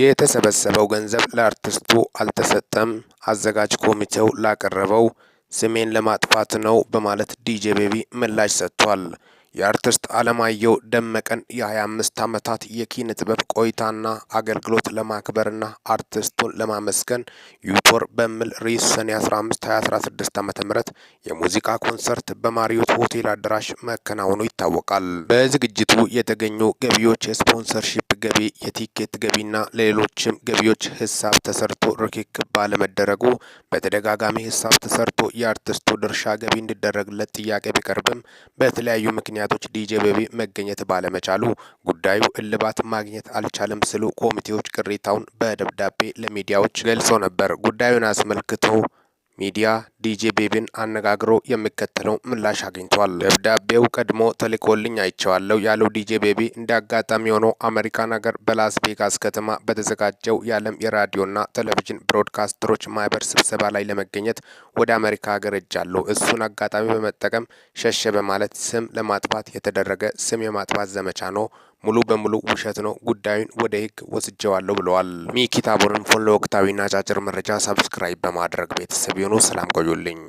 የተሰበሰበው ገንዘብ ለአርቲስቱ አልተሰጠም። አዘጋጅ ኮሚቴው ላቀረበው ስሜን ለማጥፋት ነው በማለት ዲጄ ቤቢ ምላሽ ሰጥቷል። የአርቲስት አለማየሁ ደመቀን የ25 ዓመታት የኪነ ጥበብ ቆይታና አገልግሎት ለማክበርና አርቲስቱን ለማመስገን ዩቶር በሚል ርዕስ ሰኔ 15 2016 ዓ ም የሙዚቃ ኮንሰርት በማሪዮት ሆቴል አዳራሽ መከናወኑ ይታወቃል። በዝግጅቱ የተገኙ ገቢዎች የስፖንሰርሺፕ ገቢ፣ የቲኬት ገቢና ለሌሎችም ገቢዎች ሂሳብ ተሰርቶ ርክክብ ባለመደረጉ በተደጋጋሚ ሂሳብ ተሰርቶ የአርቲስቱ ድርሻ ገቢ እንዲደረግለት ጥያቄ ቢቀርብም በተለያዩ ምክንያቶች ዲጄ ቤቢ መገኘት ባለመቻሉ ጉዳዩ እልባት ማግኘት አል አልቻለም ስሉ ኮሚቴዎች ቅሬታውን በደብዳቤ ለሚዲያዎች ገልጾ ነበር። ጉዳዩን አስመልክቶ ሚዲያ ዲጄ ቤቢን አነጋግሮ የሚከተለው ምላሽ አግኝቷል። ደብዳቤው ቀድሞ ተልኮልኝ አይቸዋለሁ ያለው ዲጄ ቤቢ እንደ አጋጣሚ ሆኖ አሜሪካን ሀገር በላስ ቬጋስ ከተማ በተዘጋጀው የዓለም የራዲዮና ቴሌቪዥን ብሮድካስተሮች ማህበር ስብሰባ ላይ ለመገኘት ወደ አሜሪካ ሀገር እጃለሁ። እሱን አጋጣሚ በመጠቀም ሸሸ በማለት ስም ለማጥፋት የተደረገ ስም የማጥፋት ዘመቻ ነው ሙሉ በሙሉ ውሸት ነው፣ ጉዳዩን ወደ ህግ ወስጀዋለሁ ብለዋል። ሚኪ ፎሎ ወቅታዊና አጫጭር መረጃ ሰብስክራይብ በማድረግ ቤተሰብ የሆኑ ሰላም ቆዩልኝ።